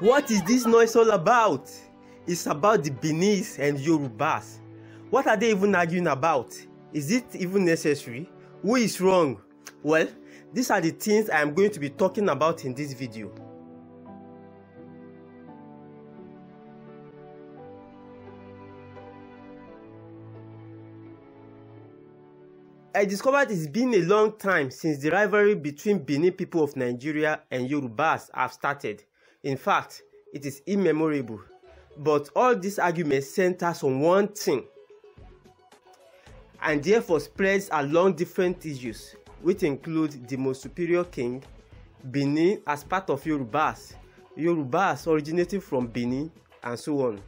What is this noise all about? It's about the Benis and Yorubas. What are they even arguing about? Is it even necessary? Who is wrong? Well, these are the things I am going to be talking about in this video. I discovered it's been a long time since the rivalry between Benin people of Nigeria and Yorubas have started. In fact, it is immemorable. But all these arguments centers on one thing and therefore spreads along different issues, which include the most superior king, Benin as part of Yorubas, Yorubas originating from Benin, and so on.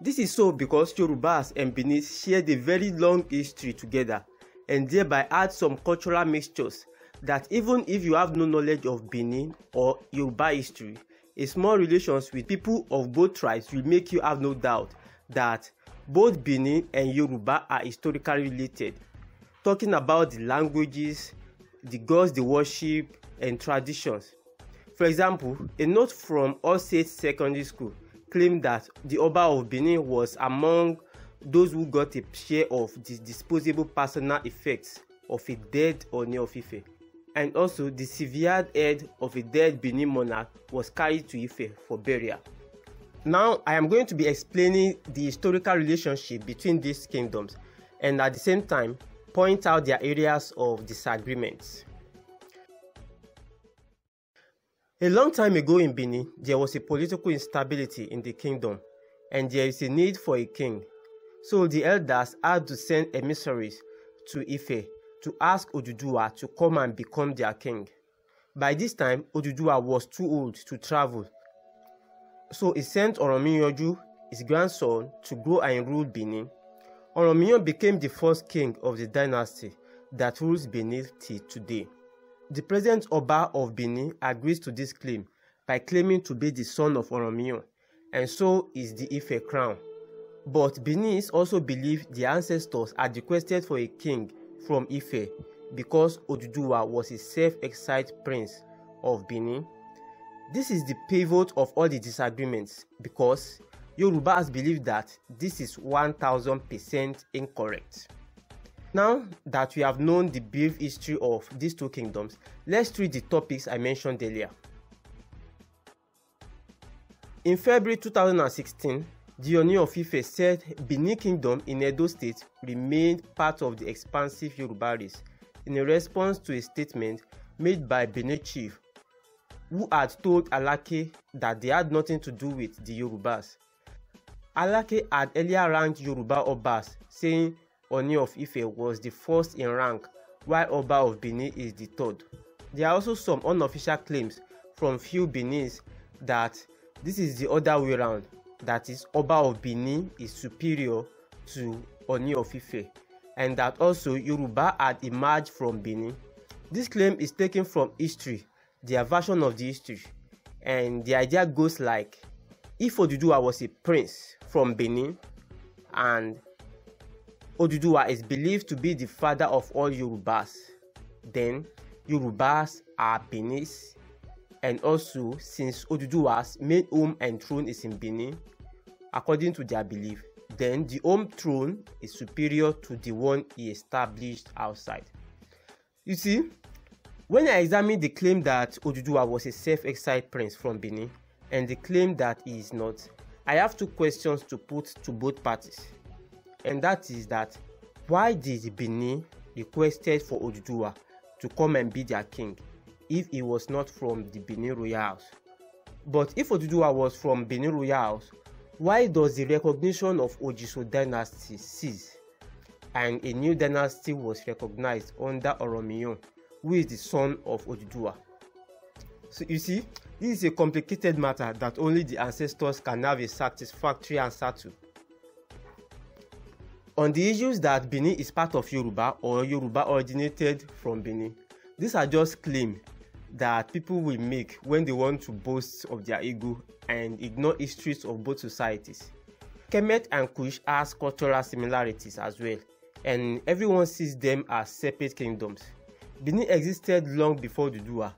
This is so because Yorubas and Benin share a very long history together and thereby add some cultural mixtures that even if you have no knowledge of Benin or Yoruba history, a small relations with people of both tribes will make you have no doubt that both Benin and Yoruba are historically related. Talking about the languages, the gods they worship, and traditions. For example, a note from All Secondary School claimed that the Oba of Benin was among those who got a share of the disposable personal effects of a dead Ooni of Ife. And also, the severed head of a dead Benin monarch was carried to Ife for burial. Now, I am going to be explaining the historical relationship between these kingdoms and at the same time point out their areas of disagreement. A long time ago in Benin, there was a political instability in the kingdom, and there is a need for a king. So the elders had to send emissaries to Ife to ask Oduduwa to come and become their king. By this time, Oduduwa was too old to travel. So he sent Oromiyanju, his grandson, to go and rule Benin. Oromiyan became the first king of the dynasty that rules Benin till today. The present Oba of Benin agrees to this claim by claiming to be the son of Oromiyan and so is the Ife crown. But Beninese also believe the ancestors had requested for a king from Ife because Oduduwa was a self-exiled prince of Benin. This is the pivot of all the disagreements because Yorubas believe that this is 1000% incorrect. Now that we have known the brief history of these two kingdoms, let's treat the topics I mentioned earlier. In February 2016, the Oni of Ife said Benin Kingdom in Edo State remained part of the expansive Yoruba race in a response to a statement made by Benin chief who had told Alake that they had nothing to do with the Yorubas. Alake had earlier ranked Yoruba Obas, saying Oni of Ife was the first in rank, while Oba of Benin is the third. There are also some unofficial claims from few Benins that this is the other way around, that is Oba of Benin is superior to Oni of Ife, and that also Yoruba had emerged from Benin. This claim is taken from history, their version of the history, and the idea goes like Ifo Duduwa was a prince from Benin and Oduduwa is believed to be the father of all Yorubas. Then, Yorubas are Benis, and also since Oduduwa's main home and throne is in Benin, according to their belief, then the home throne is superior to the one he established outside. You see, when I examined the claim that Oduduwa was a self-exiled prince from Benin and the claim that he is not, I have two questions to put to both parties and that is that why did Benin requested for Oduduwa to come and be their king if he was not from the Benin royal house? But if Oduduwa was from Benin royal house, why does the recognition of Ojiso dynasty cease? And a new dynasty was recognized under Oromiyon, who is the son of Oduduwa. So you see, this is a complicated matter that only the ancestors can have a satisfactory answer to on the issues that Benin is part of Yoruba or Yoruba originated from Benin. These are just claims that people will make when they want to boast of their ego and ignore histories of both societies. Kemet and Kush has cultural similarities as well, and everyone sees them as separate kingdoms. Benin existed long before Dudua,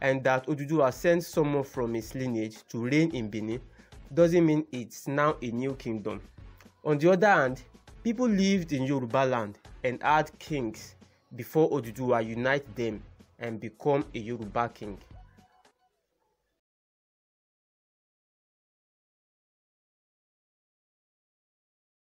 and that Oduduwa sent someone from his lineage to reign in Benin doesn't mean it's now a new kingdom. On the other hand, People lived in Yoruba land and had kings before Oduduwa unite them and become a Yoruba king.